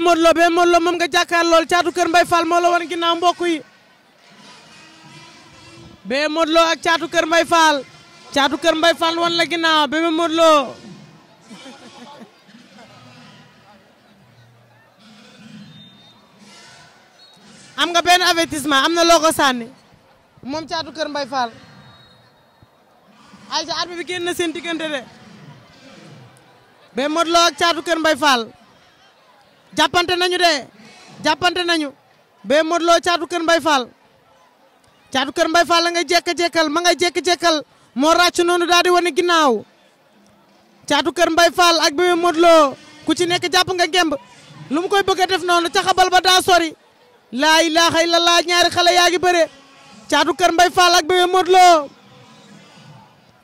Modou Lo be Modou Lo moom nga jàkkaar lool caatu kër Mbay Fall moo la wan ginnaaw mbokk yi be Modou Lo ak caatu kër Mbay Fall caatu kër Mbay Fall wan la ginnaaw be Modou Lo am nga benn avertissement am na loo sànni moom kër Mbay Fall ay génn na diggante de be Modou Lo ak caatu kër Mbay Fall jàppante nañu de jàppante nañu Bébé Modou Lo caatu kër Mbay Fall caatu kër Mbay Fall la nga jekk-jekkal ma nga jekk-jekkal moo ràcc noonu daal di wane ginnaaw caatu kër Mbay Fall ak Bébé Modou ku ci nekk jàpp nga gemb lu mu koy bëgg a def noonu ca xabal ba daa sori laa ilaaha illallah ñaari xale yaa ngi bëre caatu kër Mbay Fall ak Bébé Modou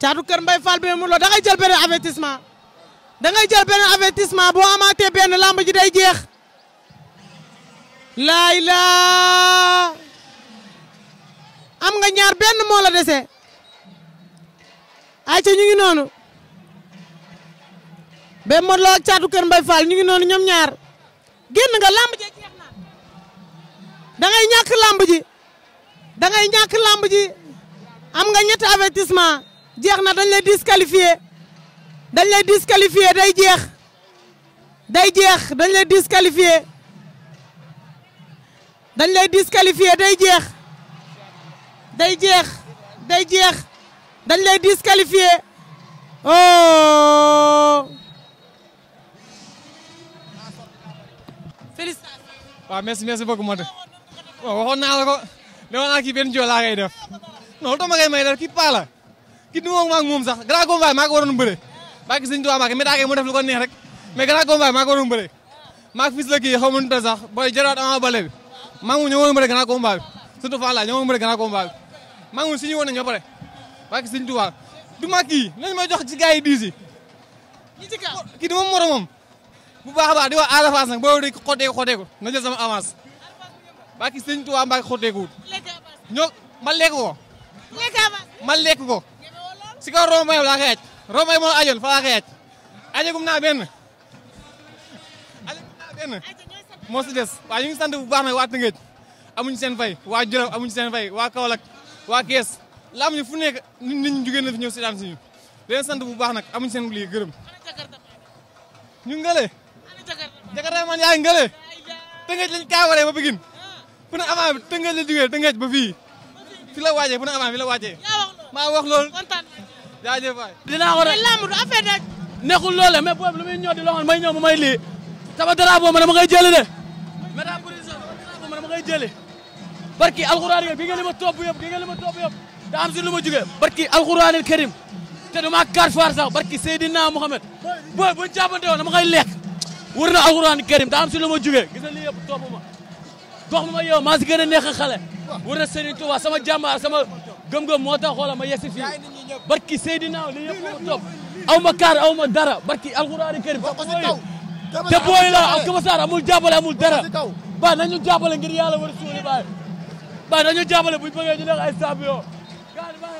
caatu kër Mbay Fall Bébé Modou Lo da ngay jël beneen avertissement da ngay jël beneen avertissement boo amaatee benn làmb ji day jeex laay laa am nga ñaar benn moo la dese ay ñu ngi noonu be Modou Lo Caatu Kër Mbay Fall ñu ngi noonu ñoom ñaar génn nga làmb ji jeex na da ngay ñàkk làmb ji da ngay ñàkk ji am nga ñetti avertissement jeex na dañ lay disqualifié dañ lay disqualifié day jeex day dañ lay disqualifié dañ lay disqualifié day jeex day jeex day jeex dañ lay disqualifié oh. félicitations. waaw merci merci beaucoup Modou. waaw waxoon naa la ko ne woon naa kii benn joo laa def non lu tax may def kii paa la kii du ma ak moom sax grand combat maa ko waroon bëre. baa gis nañu maa ko mais daa koy mu def ko neex rek mais grand combat maa ko waroon bëre maa ko fis la kii xaw sax booy jëlaat ama bale bi. maa ngi ñoo woon bëri grand combat bi surtout Falla ñoo woon bëri grand bi maa ngi suñu woon nañu ba pare parce du ma kii nañu may jox ci gars yi diis yi kii bu baax a baax di wax à l'avance nag ko dee xotteeku xotteeku na jël sama avance parce que Sëriñ Tuubaa mbaa xotteeku wut ñoo ma lekk ko ma lekk ko si kaw rombay laa koy aj rombay moo ajoon fa laa koy aj ajagum naa naa benn moo si des waaye ñu ngi sant bu baax nag waa Tëngéej amuñ seen fay waa Jolof amuñ seen fay waa Kaolack waa Kees laam ñu fu nekk nit ñi jugee na fi ñëw si daan si ñu leen sant bu baax nag amuñ seen lii gërëm ñu ngële jakarta man yaa ngi ngële Tëngéej lañ kaa ba Pikine fu ne avant bi Tëngéej la jugee Tëngéej ba fii fi la waajee fu ne avant fi la waajee maa wax loolu jaajëf waay dinaa war a du affaire nag nekkul loole mais boobu lu muy ñëw di loxoon may ñëw ma may lii sama drapeau ma dama koy jëli de Médane Brise ma dama ngay jëlee barki alxuraan yëpp gi nga li ma topp yëpp gi nga li ma topp yëpp da am si lu ma jugee barki alxuraanil karim te dama kaat faar sax barki Seydina Mohamed booy buñ jàppante woon dama koy lekk wër na alxuraanil karim da am si lu ma jugee gis na lii yëpp topp ma dox ma yow maa si gën a neex a xale wër na Serigne Touba sama jàmbaar sama gëm-gëm moo tax xoola ma yegsi fii barki Seydina li yëpp ma topp aw ma kaar aw ma dara barki alxuraanil karim te booy la ak Kër Saar amul jàppale amul dara ba nañu jàppale ngir yàlla war suuli baay ba nañu jàppale buñ bëggee ñu nekk ay champion